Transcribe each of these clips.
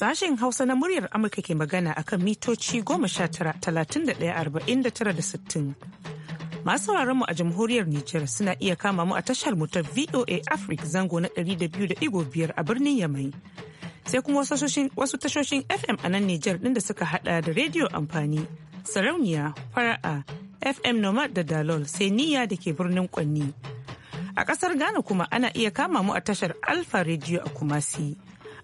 Sashen Hausa na muryar Amurka ke magana akan mitoci goma sha tara talatin da arba'in da tara da sittin. Masu sauraron mu a jamhuriyar Nijar suna iya kama mu a tashar mu VOA Africa zango na ɗari da biyu da a birnin Yamai. Sai kuma wasu tashoshin FM a nan Nijar ɗin da suka haɗa da rediyo amfani, sarauniya, fara'a, FM Nomad da Dalol sai niya da ke birnin Kwanni. A ƙasar Ghana kuma ana iya kama mu a tashar Alfa Radio a Kumasi.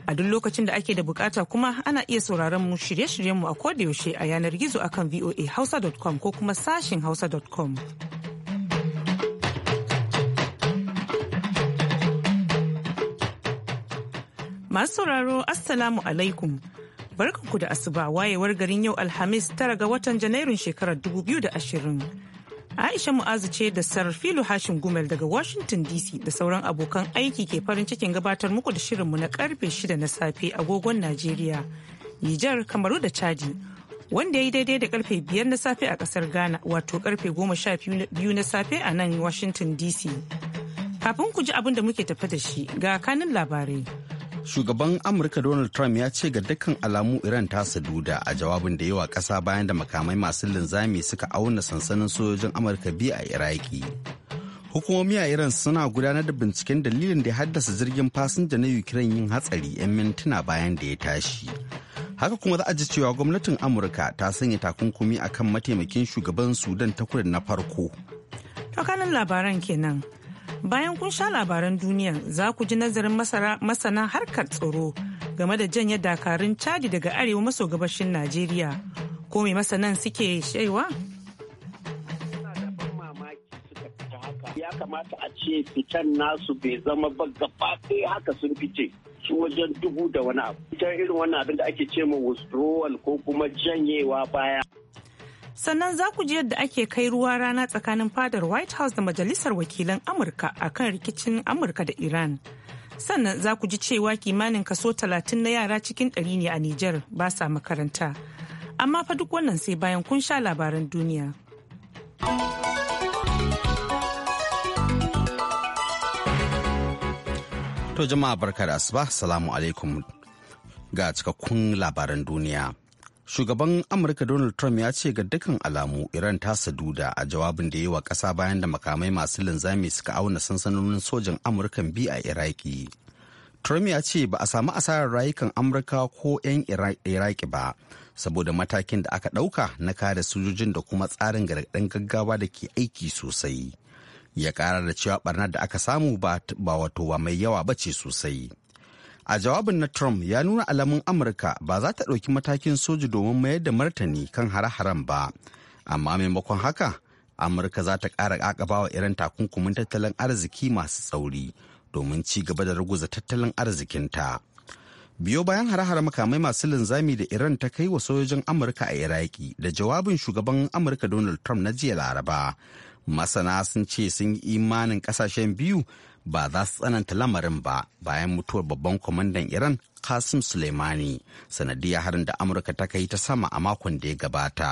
A duk lokacin da ake da bukata kuma ana iya sauraron mu shirye shiryen mu a yaushe a yanar gizo akan voahausa.com ko kuma sashin hausa.com. Masu sauraro Assalamu alaikum. Barkanku da asuba wayewar garin yau Alhamis tara ga watan Janairun shekarar 2020. Aisha Mu'azu ce da Sarfilu Hashim Gumel daga Washington DC da sauran abokan aiki ke farin cikin gabatar muku da shirinmu na karfe 6 na safe agogon Najeriya, Nijar, Kamaru da Chadi. Wanda ya yi daidai da karfe 5 na safe a kasar Ghana wato karfe 12 na safe a nan Washington DC. Kafin ku ji abin da muke tafi da shi ga kanin labarai. Shugaban Amurka Donald Trump ya ce ga dukkan alamu Iran ta saduda a jawabin da yawa kasa bayan da makamai masu linzami suka auna sansanin sojojin Amurka biyu a Iraki. Hukumomi a Iran suna gudanar da binciken dalilin da ya haddasa jirgin fasinja na Ukraine yin hatsari 'yan mintuna bayan da ya tashi. haka kuma za a ji cewa gwamnatin amurka ta sanya takunkumi akan mataimakin shugaban sudan ta kudu na farko. Tokanin labaran kenan Bayan kun sha labaran duniya za ku ji nazarin masana harkar tsaro game da janye dakarun cadi daga arewa maso gabashin Najeriya. Ko mai masanan suke shaiwa? ya kamata a ce fitan nasu bai zama ba gaba ɗaya haka sun fice su wajen dubu da wani abu. Ita irin wannan abin da ake ce ma withdrawal ko kuma janyewa baya sannan za ku ji yadda ake kai ruwa rana tsakanin fadar white house da majalisar wakilan amurka a kan rikicin amurka da iran sannan za ku ji cewa kimanin kaso 30 na yara cikin ɗari ne a niger ba sa makaranta amma fa duk wannan sai bayan kun sha labaran duniya to jama'a barka da asuba salamu alaikum ga cikakkun labaran duniya shugaban amurka donald trump ya ce ga dukkan alamu iran ta saduda a jawabin da yi wa kasa bayan da makamai masu linzami suka auna sansanonin sojan amurkan bi a iraki trump ya ce ba a samu asarar rayukan amurka ko 'yan iraki ba saboda matakin da aka ɗauka na kare sojojin da kuma tsarin gargaɗin gaggawa da ke aiki sosai ya ƙara da cewa ɓarnar da aka samu ba wato ba mai yawa ba ce sosai a jawabin na trump ya nuna alamun amurka ba za ta ɗauki matakin soji domin mayar da martani kan hare-haren ba amma maimakon haka amurka za ta ƙara ƙaƙaba wa irin takunkumin tattalin arziki masu tsauri domin ci gaba da ruguza tattalin arzikinta biyo bayan hare-hare makamai masu linzami da iran ta kai wa sojojin amurka a iraki da jawabin shugaban amurka donald trump na jiya laraba masana sun ce sun yi imanin kasashen biyu ba za su tsananta lamarin ba bayan mutuwar babban kwamandan iran kasim suleimani sanadiyar harin da amurka ta kai ta sama a makon da ya gabata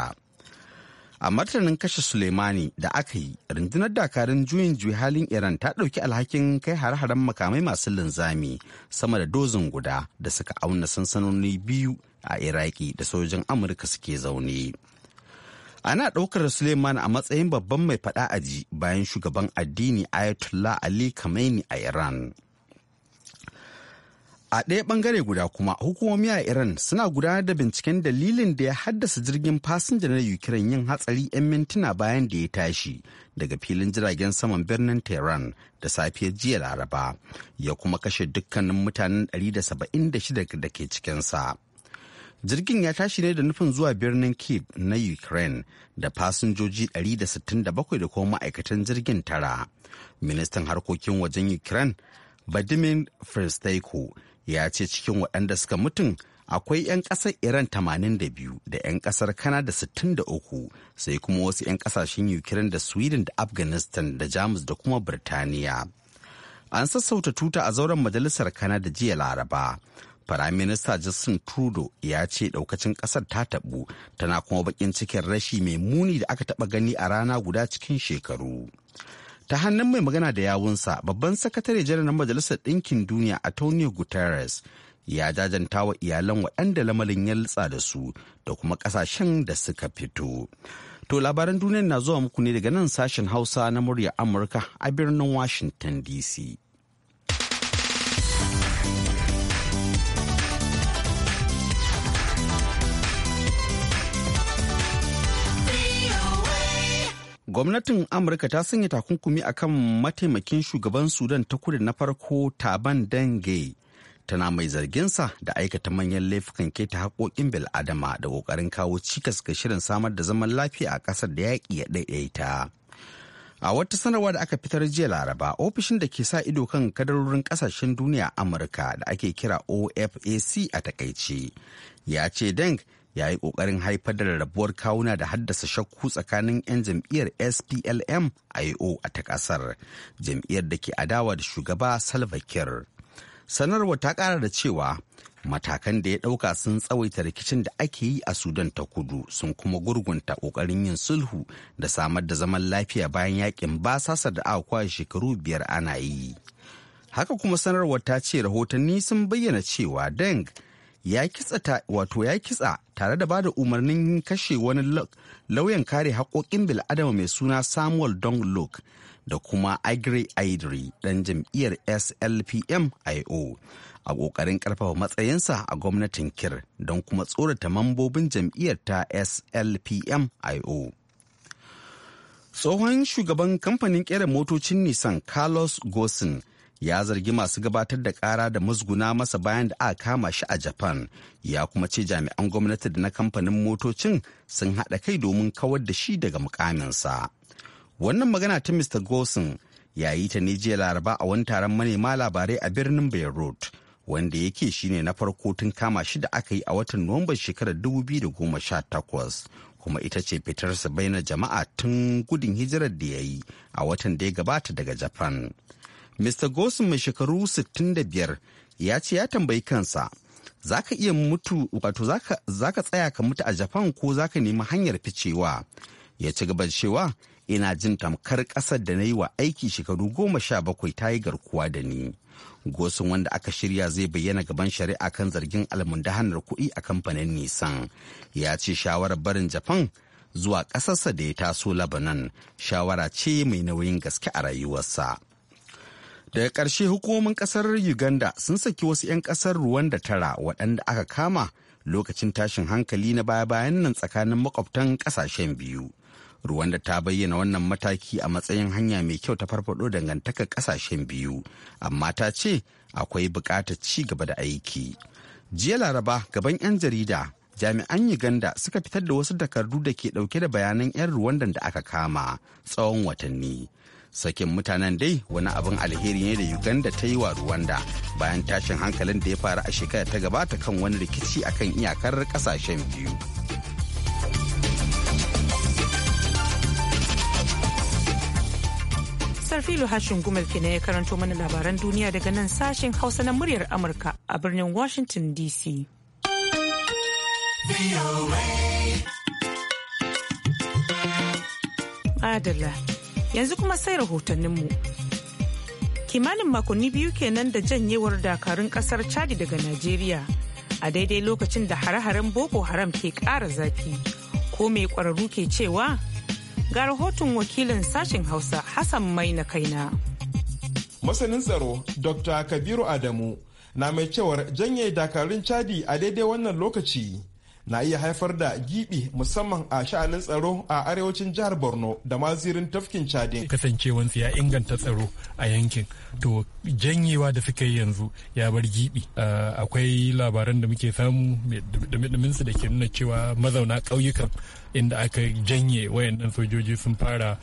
a martanin kashe suleimani da aka yi rundunar dakarun juyin juyi halin iran ta ɗauki alhakin kai har-haren makamai masu linzami sama da dozin guda da suka auna sansanoni biyu a iraki da sojojin amurka suke zaune. ana ɗaukar suleiman a matsayin babban mai faɗa aji bayan shugaban addini ayatollah ali khamenei a iran a ɗaya ɓangare guda kuma hukumomi a iran suna gudanar da binciken dalilin da ya haddasa jirgin fasinja na ukraine yin hatsari 'yan mintuna bayan da ya tashi daga filin jiragen saman birnin tehran da safiyar jiya laraba ya kuma kashe dukkanin mutanen 176 da ke cikinsa jirgin ya tashi ne da nufin zuwa birnin kiev na ukraine da fasinjoji 167 da kuma ma'aikatan jirgin tara ministan harkokin wajen ukraine vladimir fristaiko ya ce cikin waɗanda suka mutum akwai 'yan ƙasar iran 82 da 'yan ƙasar kanada 63 sai kuma wasu 'yan ƙasashen ukraine da sweden da afghanistan da jamus da kuma birtaniya an sassauta tuta a zauren majalisar kanada jiya laraba Firaminista Justin Trudeau ya ce ɗaukacin ƙasar ta taɓu tana kuma baƙin cikin rashi mai muni da aka taɓa gani a rana guda cikin shekaru. Ta hannun mai magana da yawunsa babban sakatare janar majalisar ɗinkin duniya a Tony Guterres ya jajanta wa iyalan waɗanda lamarin ya litsa da su da kuma ƙasashen da suka fito. To labaran duniyar na zuwa muku ne daga nan sashen Hausa na murya Amurka a birnin Washington DC. gwamnatin amurka ta sanya takunkumi a kan mataimakin shugaban sudan ta kudu na farko taban dange tana mai zarginsa da aikata manyan laifukan keta haƙoƙin bil'adama da ƙoƙarin kawo cikas ga shirin samar da zaman lafiya a ƙasar da yaƙi ya ɗaiɗaita a wata sanarwa da aka fitar jiya laraba ofishin da ke sa ido kan kadarorin ƙasashen duniya amurka da ake kira ofac a takaice ya ce deng ya yi ƙoƙarin haifar da rabuwar kawuna da haddasa shakku tsakanin 'yan jam'iyyar SPLM IO a ta ƙasar, jam'iyyar da ke adawa da shugaba salvakir Sanarwa ta ƙara da cewa matakan da ya ɗauka sun tsawaita rikicin da ake yi a Sudan ta kudu sun kuma gurgunta ƙoƙarin yin sulhu da samar da zaman lafiya bayan yakin basasa da aka shekaru biyar ana yi. Haka kuma sanarwar ta ce rahotanni sun bayyana cewa Deng ya kitsa wato ya kitsa tare da bada umarnin kashe wani lauyan kare haƙoƙin bil'adama mai suna samuel dong luke da kuma agri idri ɗan jam'iyyar slpm io a ƙoƙarin ƙarfafa matsayinsa a gwamnatin kir don kuma tsorata mambobin jam'iyyar ta slpm io tsohon shugaban kamfanin ƙera motocin nisan carlos gosin ya zargi masu gabatar da kara da musguna masa bayan da aka kama shi a japan ya kuma ce jami'an gwamnati da na kamfanin motocin sun haɗa kai domin kawar da shi daga mukaminsa wannan magana ta mr gosin ya yi ta ne jiya laraba a wani taron manema labarai a birnin beirut wanda yake shine na farko tun kama shi da aka yi a watan nuwamban shekarar 2018 kuma ita ce fitarsa na jama'a tun gudun hijirar da ya yi a watan da ya gabata daga japan Mr. Gosin mai shekaru 65 ya ce ya tambayi kansa, za ka iya mutu wato za ka tsaya ka mutu a Japan ko za ka nemi hanyar ficewa. Ya ci gaba cewa ina jin tamkar ƙasar da na yi wa aiki shekaru goma sha bakwai ta yi garkuwa da ni. Gosin wanda aka shirya zai bayyana gaban shari'a kan zargin almundahanar kuɗi a kamfanin Nisan. Ya ce shawarar barin Japan zuwa ƙasarsa da ya taso Lebanon shawara ce mai nauyin gaske a rayuwarsa. daga ƙarshe hukumomin ƙasar uganda sun saki wasu 'yan ƙasar da tara waɗanda aka kama lokacin tashin hankali na baya-bayan nan tsakanin makwabtan ƙasashen biyu Ruwan da ta bayyana wannan mataki a matsayin hanya mai kyau ta farfaɗo dangantakar ƙasashen biyu amma ta ce akwai buƙatar ci gaba da aiki jiya laraba gaban 'yan jarida jami'an uganda suka fitar da wasu takardu da ke ɗauke da bayanan 'yan ruwan da aka kama tsawon watanni sakin mutanen dai wani abin alheri ne da uganda ta yi wa rwanda bayan tashin hankalin da ya faru a shekarar ta gabata kan wani rikici akan iyakar kasashen biyu filu hashin gumel ne ya karanto mana labaran duniya daga nan sashen hausa na muryar amurka a birnin washington dc Adela. yanzu kuma sai rahotanninmu kimanin makonni biyu kenan da janyewar dakarun kasar chadi daga najeriya a daidai lokacin da hare-haren boko haram ke ƙara zafi ko mai ƙwararru ke cewa ga rahoton wakilin sashen hausa hassan mai na kaina masanin tsaro dr kabiru adamu na mai cewar janye dakarun chadi a daidai wannan lokaci na iya haifar da gibi musamman a sha'anin tsaro a arewacin jihar borno da mazirin tafkin chadin kasancewansu ya inganta tsaro a yankin to janyewa da suka yi yanzu ya bar gibi akwai labaran da muke samu da ke nuna cewa mazauna ƙauyukan inda aka janye wayannan sojoji sun fara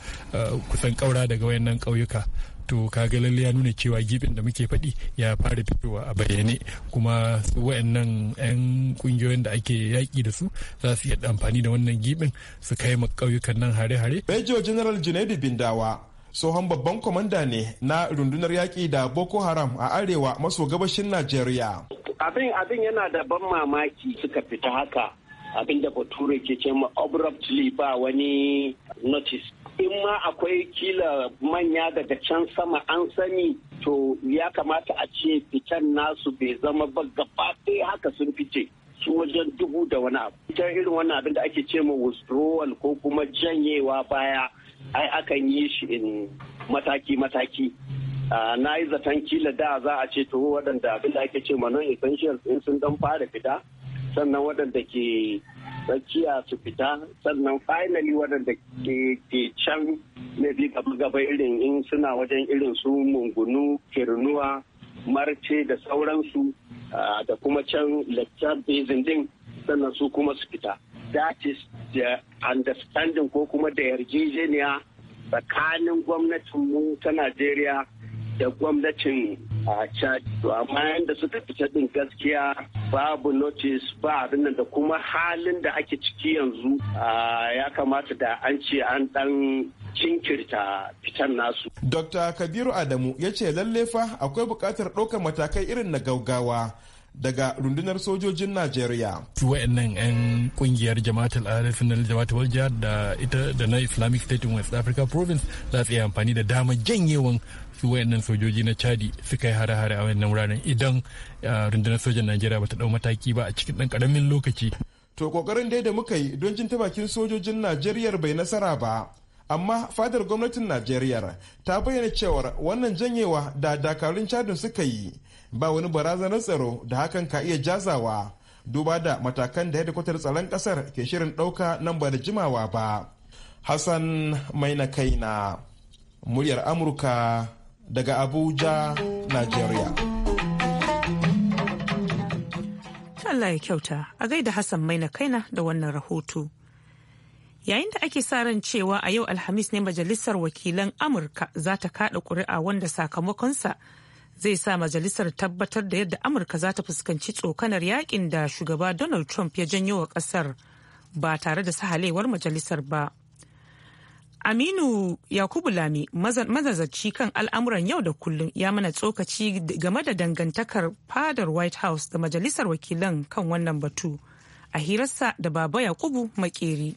kusan ƙaura daga wayannan ƙauyuka to kaga lalle ya nuna cewa gibin da muke faɗi ya fara fitowa a bayyane kuma su wayannan 'yan kungiyoyin da ake yaƙi da su za su iya amfani da wannan gibin su kai ma ƙauyukan nan hare-hare. Major General Junaidu Bindawa tsohon babban kwamanda ne na rundunar yaƙi da Boko Haram a arewa maso gabashin Najeriya. Abin abin yana da ban mamaki suka fita haka abin da Bature ke ce ma abruptly ba wani notice in ma akwai kila manya daga can sama an sani to ya kamata a ce fitan nasu bai zama ba gaba ɗaya haka sun fice su wajen dubu da wani abu ita irin wannan abin da ake ce ma withdrawal ko kuma janyewa baya ai akan yi shi in mataki mataki na yi zaton kila da za a ce to waɗanda abin da ake ce ma non essentials in sun dan fara fita sannan waɗanda ke tsakiya su fita sannan finally waɗanda ke ke can bi gaba-gaba irin in suna wajen irin su mungunu kirnuwa marce da sauransu da kuma can lecture basin din sannan su kuma su fita that is the understanding ko kuma da yarjejeniya tsakanin gwamnatin mu ta najeriya da gwamnatin a chad to amma yadda suka fita din gaskiya babu notice ba abin da kuma halin da ake ciki yanzu ya kamata da an ce an dan cinkirta fitan nasu. Dr. Kabiru Adamu ya ce lalle fa akwai buƙatar ɗaukar matakai irin na gaugawa daga rundunar sojojin Najeriya. Wa'annan 'yan kungiyar jama'atul arifin na jama'atul jihar da ita da na Islamic State in West Africa Province za su yi amfani da dama janyewan su wayannan sojoji na chadi su kai hare-hare a wayannan wuraren idan rundunar sojan najeriya ta dau mataki ba a cikin dan karamin lokaci to kokarin dai da muka yi don jin ta bakin sojojin najeriya bai nasara ba amma fadar gwamnatin najeriya ta bayyana cewar wannan janyewa da dakarun chadin suka yi ba wani barazanar tsaro da hakan ka iya jazawa duba da matakan da hedikwatar tsaron kasar ke shirin ɗauka nan ba da jimawa ba hassan mai na kaina muryar amurka daga Abuja, Najeriya. Allah ya kyauta a gaida Hassan Maina Kaina da wannan rahoto. Yayin da ake sa ran cewa a yau Alhamis ne Majalisar Wakilan Amurka za ta kaɗa ƙuri'a wanda sakamakonsa zai sa majalisar tabbatar da yadda amurka za ta fuskanci tsokanar yakin da shugaba donald trump ya janyo wa ƙasar ba tare da sahalewar majalisar ba Aminu Yakubu Lami mazazzaci kan al'amuran yau da kullum ya mana tsokaci game da dangantakar fadar White House da Majalisar Wakilan kan wannan batu a hirarsa da Baba Yakubu Makeri.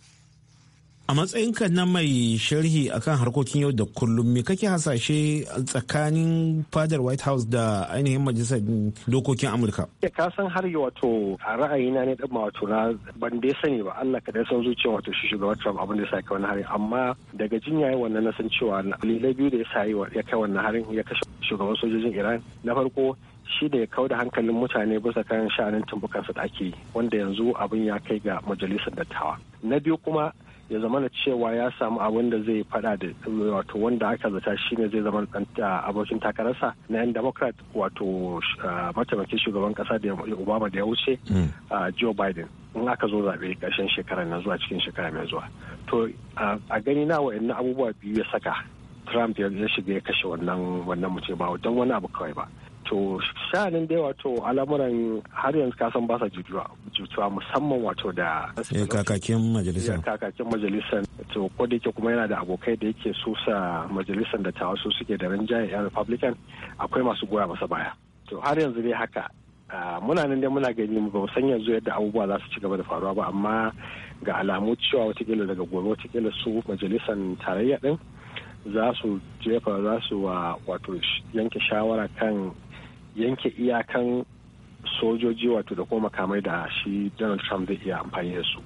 a matsayinka na mai sharhi akan harkokin yau da kullum me kake hasashe tsakanin fadar white house da ainihin majalisar dokokin amurka ka san har yi wato a ra'ayina ne dan wato na ban dai sani ba allah ka san zuciya wato shi shugaba trump abin da ya ke wani harin amma daga jin yayi wannan na san cewa dalilai biyu da ya sa ya kai wannan harin ya kashe shugaban sojojin iran na farko shi da ya kau da hankalin mutane bisa kan sha'anin tumbukansa da ake wanda yanzu abin ya kai ga majalisar dattawa na biyu kuma ya zama na cewa ya samu abin da zai fada da wato wanda aka zata shi ne zai zama abokin takararsa na yan democrat wato mataimakin shugaban kasa da obama da ya wuce hmm. joe biden in aka zo zaɓe ƙarshen shekarar na zuwa cikin shekara mai zuwa to a gani na wa'annan abubuwa biyu ya saka trump ya shiga ya kashe wannan wannan mace ba don wani abu kawai ba to sha'anin dai wato al'amuran har yanzu kasan ba sa jujuwa musamman wato da eh, kakakin majalisa eh, kakakin majalisa to ko da yake kuma yana da abokai da yake susa majalisan da tawa su suke da rinjaye yan republican akwai masu goya masa baya to har yanzu dai haka muna nan dai muna gani ba mu san yanzu yadda abubuwa za su ci gaba da faruwa ba amma ga alamu cewa watakila daga gobe watakila su majalisan tarayya din za su jefa za su wato yanke shawara kan yanke iyakan sojoji wato da kuma makamai da shi donald trump zai iya amfani da su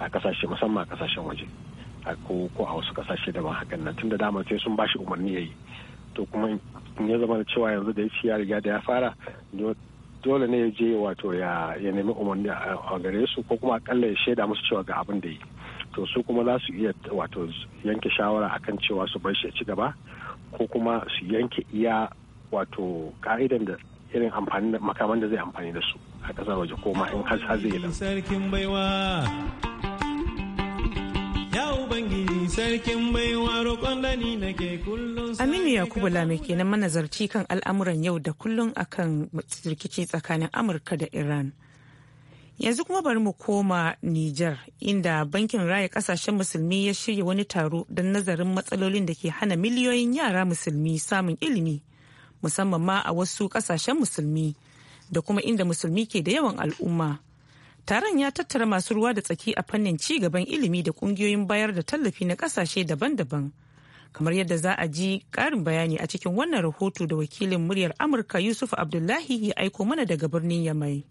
a kasashe musamman a kasashen waje ko a wasu kasashe da ban hakan nan da dama sai sun shi umarni ya yi to kuma in ya zama da cewa yanzu da ya riga da ya fara dole ne ya je wato ya nemi umarni a gare su ko kuma akalla ya shaida musu cewa ga abin da yi to su kuma za su iya wato yanke shawara akan cewa su bar shi ya ci gaba ko kuma su yanke iya wato ka'idan da irin amfani da makaman da zai amfani da su a kasar waje ko ma in har zai yi sarkin baiwa Aminu Yakubu Lame kenan manazarci kan al'amuran yau da kullun akan rikici tsakanin Amurka da Iran. Yanzu kuma bari mu koma Nijar inda bankin raya kasashen musulmi ya shirya wani taro don nazarin matsalolin da ke hana miliyoyin yara musulmi samun ilimi. musamman ma a wasu kasashen musulmi da kuma inda musulmi ke da yawan al'umma taron ya tattara masu ruwa da tsaki a fannin ci gaban ilimi da kungiyoyin bayar da tallafi na kasashe daban-daban kamar yadda za a ji karin bayani a cikin wannan rahoto da wakilin muryar amurka yusuf abdullahi ya aiko mana daga birnin yamai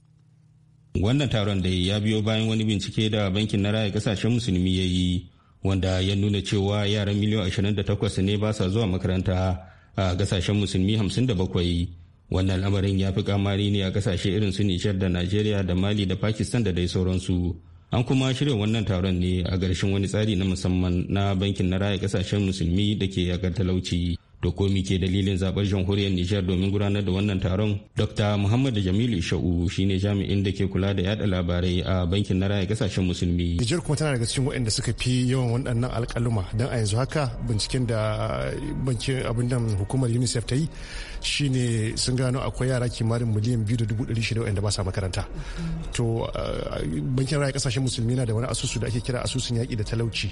wannan taron da ya biyo bayan wani bincike da bankin na raya kasashen musulmi ya yi wanda ya nuna cewa yaran miliyan 28 ne ba sa zuwa makaranta a kasashen musulmi 57 wannan al'amarin ya fi kamari ne a kasashe irin su nishar da najeriya da mali da pakistan da dai sauransu an kuma shirya wannan taron ne a garshen wani tsari na musamman na bankin na raya kasashen musulmi da ke yakar talauci da komi ke dalilin zaɓar jamhuriyar Nijar domin gudanar da wannan taron. Dr. Muhammadu Jamilu Sha'u shine jami'in da ke kula da yada labarai a bankin na raya kasashen musulmi. Nijar kuma tana daga cikin waɗanda suka fi yawan waɗannan alƙaluma don a yanzu haka binciken da bankin abin da hukumar UNICEF ta yi shine sun gano akwai yara kimanin miliyan biyu da dubu ɗari shida waɗanda ba sa makaranta. To bankin raya kasashen musulmi na da wani asusu da ake kira asusun yaƙi da talauci.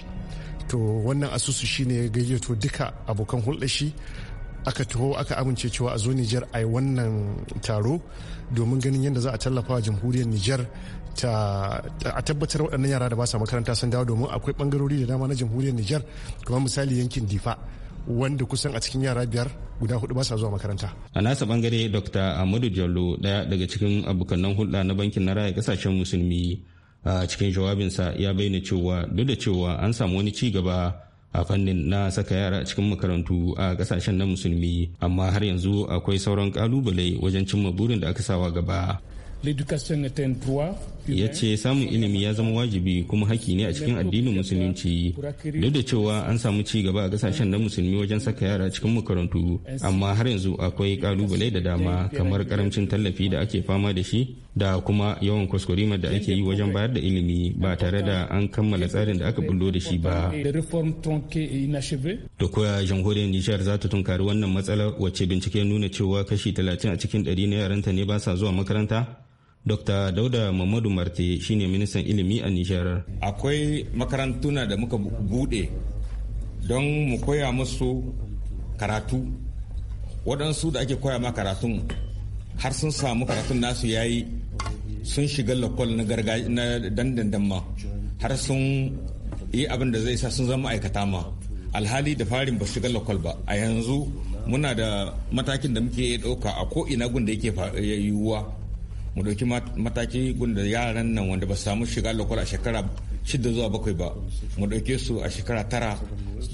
to wannan asusu shine ya gayyato duka abokan hulɗa shi aka taho aka amince cewa a zo Nijar a yi wannan taro domin ganin yadda za a tallafa wa jamhuriyar Nijar a tabbatar waɗannan yara da ba sa makaranta sun dawo domin akwai bangarori da dama na jamhuriyar Nijar kamar misali yankin Difa wanda kusan a cikin yara biyar guda hudu ba sa zuwa makaranta. A nasa bangare Dr. Ahmadu Jallo daya daga cikin abokanan hulɗa na bankin na raya kasashen musulmi a cikin jawabinsa ya bayyana cewa duk da cewa an samu wani ci gaba a fannin na saka yara a cikin makarantu a kasashen na musulmi amma har yanzu akwai sauran kalubale wajen cimma burin da aka sawa gaba. L'éducation est un droit ya ce samun ilimi ya zama wajibi kuma haki ne a cikin addinin musulunci duk da cewa an samu ci gaba a kasashen na musulmi wajen saka yara cikin makarantu amma har yanzu akwai kalubale da dama kamar karamcin tallafi da ake fama da shi da kuma yawan kuskurima da ake yi wajen bayar da ilimi ba tare da an kammala tsarin da aka bullo da shi ba da koya jamhuriyar nijar za ta tunkari wannan matsalar wacce bincike nuna cewa kashi 30 a cikin 100 na yaranta ne ba sa zuwa makaranta Dr. Dauda Mamadu Marte shine ministan ilimi a Nijar. Akwai makarantuna da muka bude don mu koya musu karatu. Waɗansu da ake koya ma karatun har sun samu karatun nasu yayi sun shiga lakol na dandandan ma har sun yi abin da zai sa sun zama aikata ma. Alhali da farin ba shiga lakol ba a yanzu muna da matakin da muke ɗauka a ko ina gun da yake yiwuwa mu ɗauki mataki gunda yaran nan wanda ba samu shiga lakwal a shekara shida zuwa bakwai ba mu ɗauke su a shekara tara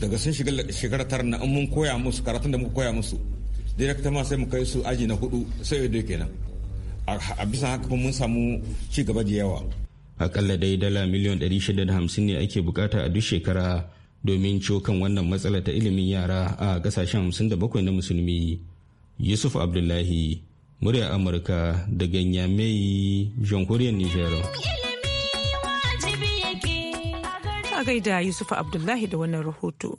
daga sun shiga shekara tara na mun koya musu karatun da muka koya musu direkta ma sai mu kai su aji na hudu sai ya kenan a bisa haka mun samu ci gaba da yawa akalla dai dala miliyan 650 ne ake bukata a duk shekara domin cokan wannan matsala ta ilimin yara a kasashen 57 na musulmi yusuf abdullahi muryar amurka daga nyamai jamhuriyar nijar a gaida yusuf abdullahi da wannan rahoto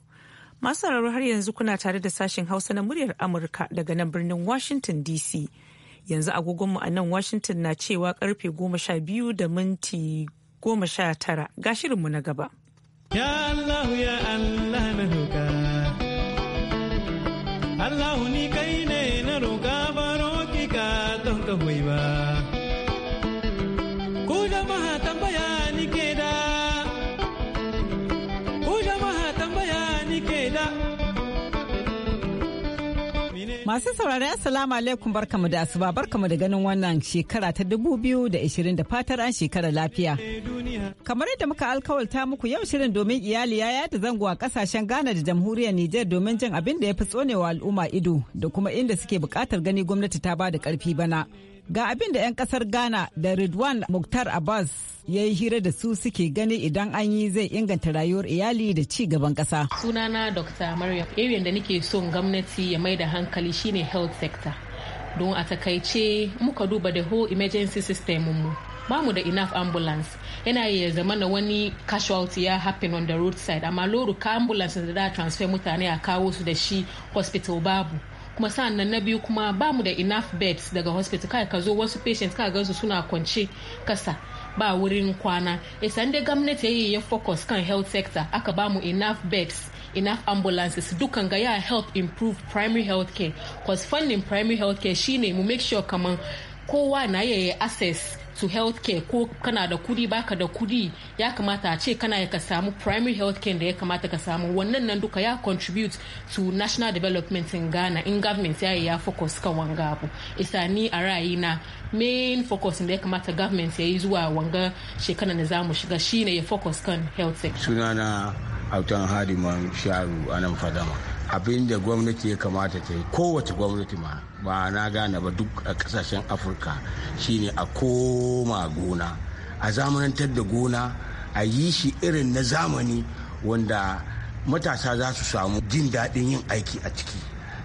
masu sauraro har yanzu kuna tare da sashen hausa na muryar amurka daga nan birnin washington dc yanzu agogonmu a nan washington na cewa karfe goma sha biyu da minti goma sha tara ga na gaba ya allah ya allah na roka allah ni kai Masu saurari Assalamu alaikum barkamu da asuba barkamu da ganin wannan shekara ta dubu biyu da da fatar an shekara lafiya. Kamar yadda muka alkawalta muku yau shirin domin iyali ya yada zango a kasashen Ghana da jamhuriyar Nijar domin jin abin da ya fi tsonewa al'umma ido da kuma inda suke bukatar gani gwamnati ta bada karfi bana. Ga abin da 'yan kasar Ghana da Ridwan muktar Abbas ya yi hira da su suke gani idan an yi zai inganta rayuwar iyali da ci gaban ƙasa. Sunana Dr. Maryam, area da nake son gwamnati ya mai da hankali shine health sector. Don a takaice muka duba da whole emergency system mu. bamu da enough ambulance yana iya zama na wani casualty ya happen on the roadside amma loruka ambulance da da transfer mutane a kawo su da shi hospital babu kuma sa'annan na biyu kuma ba mu da enough beds daga hospital kai ka zo wasu patients ka su suna kwance kasa ba wurin kwana isa dai gwamnati yayi ya focus kan health sector aka ba mu enough beds enough ambulances dukan ga ya help improve primary health care cause funding primary health care shine mu make sure kaman kowa na yayi access to health care ko kana da kudi baka da kudi ya kamata a ce kana ka samu primary health care da ya kamata ka samu wannan nan duka ya contribute to national development in Ghana in government ya ya focus kan wanga abu isa ni a na main focus da ya kamata government ya yi zuwa wanga shekara da zamu shiga shine ya focus kan health sector sunana Autan Hadiman Sharu anan Fadama abin da gwamnati ya kamata ta yi kowace gwamnati ma ba na gane ba duk a kasashen afirka shine a koma gona a zamanantar da gona a yi shi irin na zamani wanda matasa za su samu jin daɗin yin aiki a ciki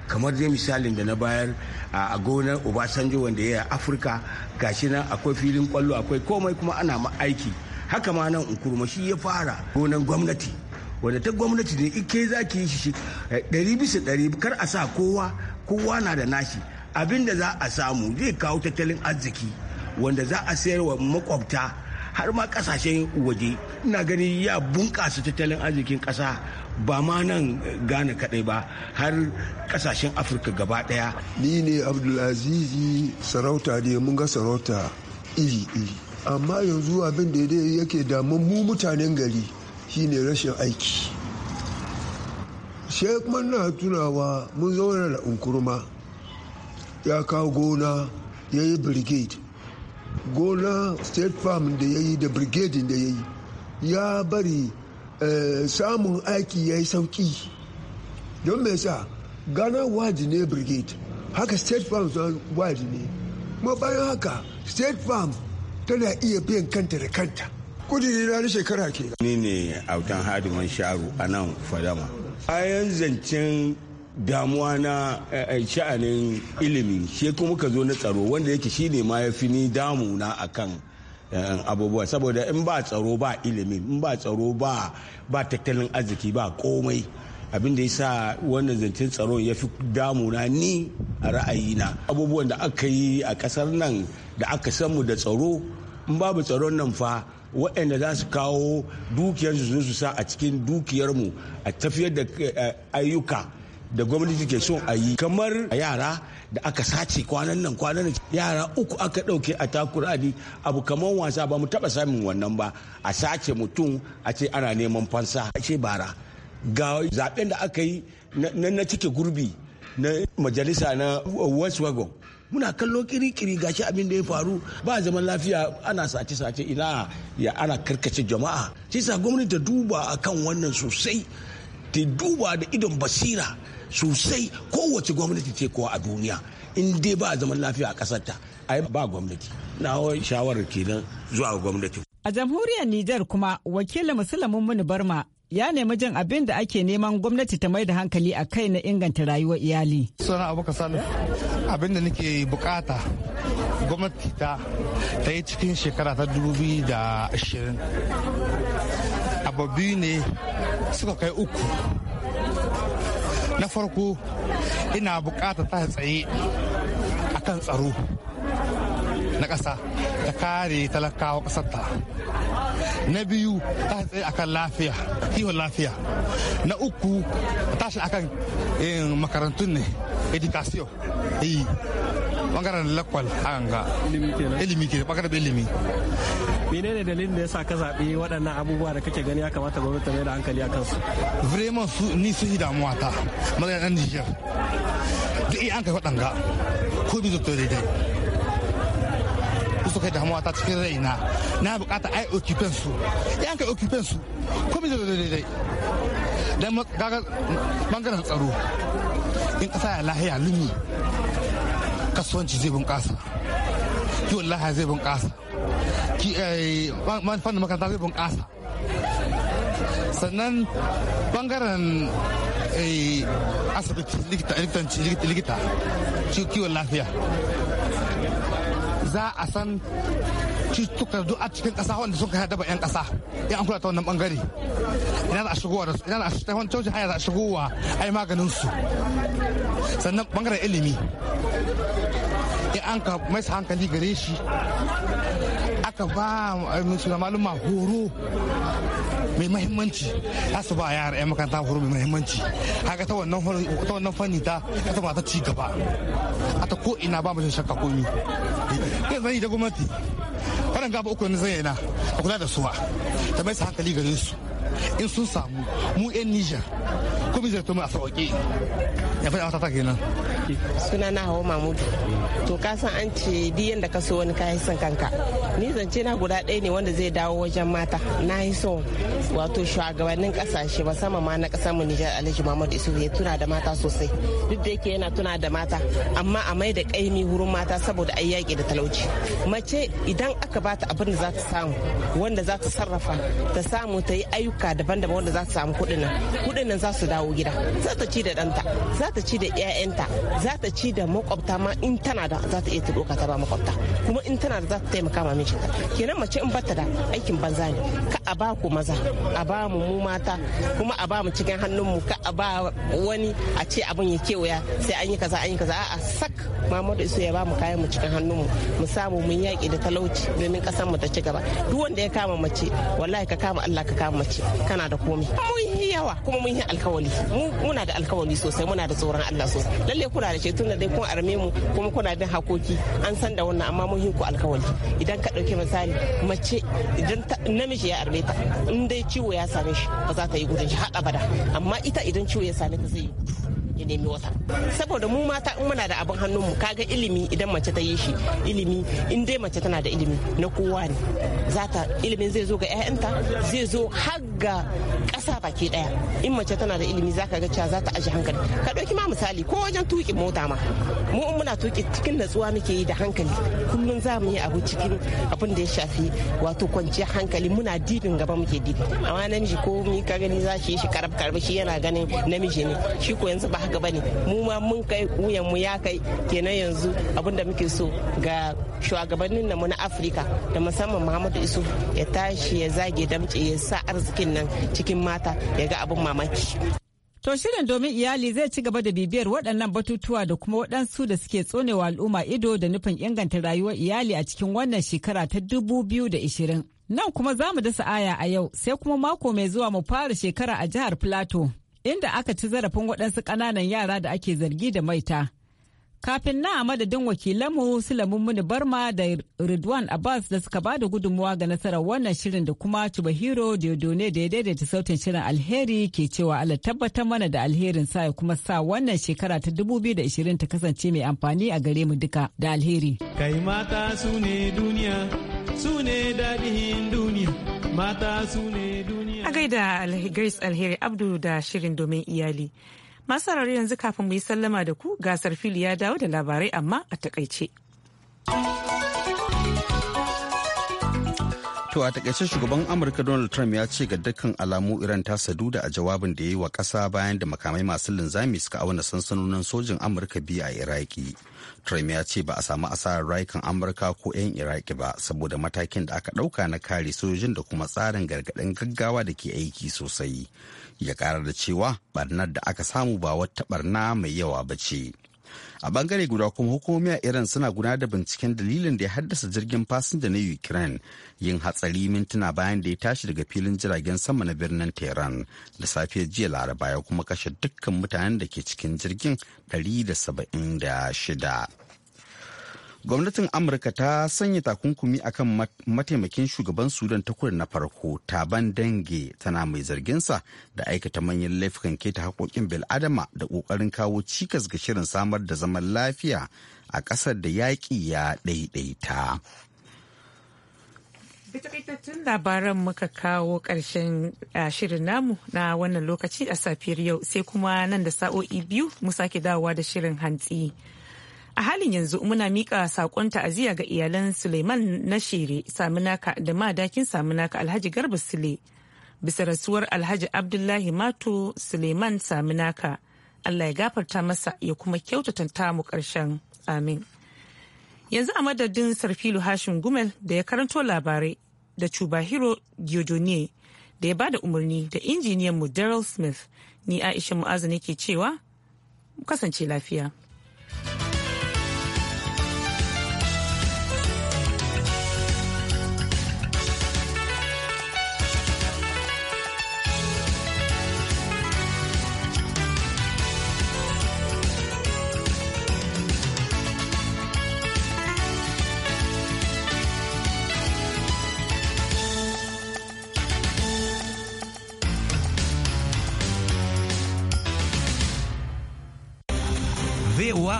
kamar dai misalin da na bayar a gonar obasanjo wanda ya yi afirka gashi nan akwai filin kwallo akwai komai kuma ana ma aiki haka ma nan unkurma shi ya fara gonar gwamnati wanda ta gwamnati ne ike za ki yi shi Eh, ɗari bisa ɗari kar a sa kowa kowa na da nashi abin da za a samu zai kawo tattalin arziki wanda za a sayar wa makwabta har ma kasashen waje ina gani ya bunƙasa tattalin arzikin ƙasa ba ma nan gane kaɗai ba har kasashen afirka gaba ɗaya ni ne abdulazizi sarauta ne mun ga sarauta iri iri amma yanzu abin da yake damun mu mutanen gari shine rashin aiki sai kuma na tunawa mun zauna da unkurma ya kawo gona ya yi brigade gona state farm da ya yi da brigade da ya yi ya bari eh, samun aiki ya yi sauki don me sa gana waji ne brigade haka state farm waji ne kuma bayan haka state farm tana iya biyan kanta da kanta kudi na shekara ke ni ne autan hadiman sharu a nan fadama ayan zancen damuwa na eh, eh, sha'anin ilimi shi kuma ka zo na tsaro wanda yake shi ne ma ya fi ni damuna a kan eh, abubuwa saboda in ba tsaro ba ilimi in ba tsaro ba tattalin arziki ba komai abinda da ya sa wannan zancen tsaron ya fi damuna ni a ra'ayina abubuwan da aka yi a kasar nan da aka san mu da tsaro in babu tsaron nan fa waɗanda za su kawo dukiyar su su sa a cikin dukiyarmu a tafiyar da eh, ayyuka da gwamnati ke son a yi kamar yara da aka sace kwanan nan kwanan nan yara uku aka ɗauke a takuradi abu kamar wasa ba mu taɓa samun wannan ba a sace mutum a ce ana neman fansa a ce bara ga zaɓen da aka yi na cike gurbi na majalisa na west wagon muna kallo kirikiri gashi abin da ya faru ba zaman lafiya ana sace-sace ina ya ana karkace jama'a shi sa gwamnati ta duba akan wannan sosai ta duba da idon basira sosai kowace gwamnati ce kowa a duniya in dai ba zaman lafiya a ta ai ba gwamnati na shawarar kenan zuwa gwamnati a jamhuriyar nijar kuma wakilin musulmin muni barma ya nemi jin abin da ake neman gwamnati ta mai da hankali a kai na inganta rayuwar iyali. Suna Abubakar Salif. Abin da nake bukata gwamnati ta ta yi cikin shekara ta 2020 ababi ne suka kai uku na farko ina bukata ta tsaye akan tsaro na ƙasa ta kare talakawa ƙasarta na biyu ta tsaye akan lafiya kiwon lafiya na uku ta tashi akan eh, makarantun ne education eh bangaren lakwal hanga. ganga ilimi ke bangaren ilimi menene dalilin da ya sa ka zaɓi waɗannan abubuwa da kake gani ya kamata gwamnati mai da hankali a kansu vraiment su ni su yi damuwa ta magana ɗan nijar duk iya an kai waɗanga ko bi zato dai, su kai damuwa ta cikin raina na bukata ai occupant su iya an kai occupant su ko bi zato daidai dan bangaren tsaro in ƙasa ya lahiya lumi kasuwanci zai bunƙasa kiwon lahiya zai bunƙasa da eh, makaranta zai bunƙasa sannan bangaren eh, asibiti likita kiwon lafiya za a san cututtuka duk a cikin ƙasa wanda suka haɗa ba 'yan ƙasa in an kula ta wannan bangare ina za a shigowa da su ina za a shi ta wancan hanya za a shigowa a yi maganin su sannan bangaren ilimi in an ka mai hankali gare shi aka ba eh, suna maluma horo mai mahimmanci ya su ba yara 'yan makaranta horo mai mahimmanci haka ta wannan fanni ta ta ba ta ci gaba a ta ko ina ba mu shakka komi zai zai da gwamnati waɗanda gaba uku na zai na a kula da suwa ta mai hankali gare su in sun samu mu 'yan nijar kuma zai tuma a sauƙi ya faɗa mata ta kenan suna na hawa mamudu mm. to ka san an ce duk da ka so wani kayan son kanka ni zance na guda ɗaya ne wanda zai dawo wajen mata na yi son wato shugabannin kasashe musamman ma na kasar mu Nijar Alhaji Muhammad Isu ya tuna da mata sosai duk da yake yana tuna da mata amma a mai da kaimi wurin mata saboda ai yaƙi da talauci mace idan aka bata abin da za ta samu wanda za ta sarrafa ta samu ta yi ayyuka daban-daban wanda za ta samu kuɗin nan kuɗin nan za su dawo gida za ta ci da ɗanta za ta ci da 'ya'yanta za ta ci da makwabta ma in tana da za ta iya ta ka ta ba makwabta kuma in tana da za ta taimaka ma ta kenan mace in bata da aikin banza ne ka a ba ku maza a ba mu mu mata kuma a ba mu cikin hannun mu ka a ba wani a ce abin ya kewaya sai an yi kaza an yi kaza a'a sak mamadu Isu ya ba mu kayan mu cikin hannun mu mu samu mun yaƙi da talauci domin ƙasar mu ta ci gaba duk wanda ya kama mace wallahi ka kama Allah ka kama mace kana da komai mun yi yawa kuma mun yi alkawali muna da alkawali sosai muna da tsoron Allah sosai lalle kuna da shi tunda dai kun arme mu kuma kuna bin hakoki an san da wannan amma mun ku alkawali idan ka ɗauki misali mace idan namiji ya arme ta in dai ciwo ya same shi ba za ta yi gudun shi haɗa da amma ita idan ciwo ya same ta zai yi ya nemi wata saboda mu mata in muna da abin hannun mu kaga ilimi idan mace ta yi shi ilimi in dai mace tana da ilimi na kowa ne zata ilimin zai zo ga 'ya'yanta zai zo har ga ƙasa baki daya in mace tana da ilimi zaka ga cewa zata aji hankali ka ɗauki ma misali ko wajen tuki mota ma mu muna tuki cikin natsuwa muke yi da hankali kullum za mu yi abu cikin abin da ya shafi wato kwanciyar hankali muna didin gaba muke didi amma namiji ko mi ka gani za shi shi karab karab shi yana ganin namiji ne shi ko yanzu ba haka bane mu ma mun kai wuyan mu ya kai kenan yanzu abin da muke so ga shugabannin namu na Afirka da musamman Muhammadu Isu ya tashi ya zage damce ya sa arzikin nan cikin mata ya ga abin mamaki To shirin domin iyali zai ci gaba da bibiyar waɗannan batutuwa da kuma waɗansu da suke tsonewa al'umma ido da nufin inganta rayuwar iyali a cikin wannan shekara ta dubu biyu da ishirin. Nan kuma za mu dasa aya a yau sai kuma mako mai zuwa mu fara shekara a jihar Plateau inda aka ci zarafin waɗansu ƙananan yara da ake zargi da maita. Kafin na a madadin wakilanmu Sulamun Muni Barma da Ridwan Abbas da suka bada gudunmuwa ga nasarar wannan shirin da kuma Chubahiro Diodone da ya daidaita sautin shirin alheri ke cewa Allah tabbatar mana da alherin sa ya kuma sa wannan shekara ta 2020 ta kasance mai amfani a gare mu duka da alheri. Kai mata su ne duniya, su ne daɗin duniya, mata su ne duniya. A gaida Grace Alheri Abdu da shirin domin iyali. Masu sarari yanzu kafin mu yi sallama da ku gasar fili ya dawo da labarai amma a takaice. To a takaice shugaban Amurka Donald Trump ya ce ga dukkan alamu Iran ta saduda a jawabin da ya yi wa ƙasa bayan da makamai masu linzami suka auna sansanonin sojin Amurka biyu a Iraki. Trump ya ce ba a samu asarar rayukan Amurka ko 'yan Iraki ba saboda matakin da aka ɗauka na kare sojojin da kuma tsarin gargaɗin gaggawa da ke aiki sosai. Ya ƙara da cewa ɓarnar da aka samu ba wata ɓarna mai yawa ba ce. a bangare guda kuma hukumomi a iran suna gudanar da binciken dalilin da ya haddasa jirgin fasinja na ukraine yin hatsari mintuna bayan da ya tashi daga filin jiragen sama na birnin tehran da safiyar jiya laraba ya kuma kashe dukkan mutanen da ke cikin jirgin 176 gwamnatin amurka ta sanya takunkumi akan mataimakin shugaban sudan ta kudu na farko taban dange tana mai zarginsa da aikata manyan laifukan keta haƙoƙin bil'adama da ƙoƙarin kawo cikas ga shirin samar da zaman lafiya a ƙasar da yaƙi ya ɗaiɗaita. da labaran muka kawo ƙarshen shirin namu na wannan lokaci a safiyar yau sai kuma nan da sa'o'i biyu mu sake dawowa da shirin hantsi. a halin yanzu muna mika sakon ta'aziyya ga iyalan suleiman na shere saminaka da madakin saminaka alhaji garba sule bisa rasuwar alhaji abdullahi mato suleiman saminaka allah ya gafarta masa ya kuma kyautata ta mu karshen amin yanzu a madadin sarfilu hashim gumel da ya karanto labarai da cubahiro giodonier da ya bada umarni da injiniyan mu daryl smith ni aisha mu'azu ke cewa kasance lafiya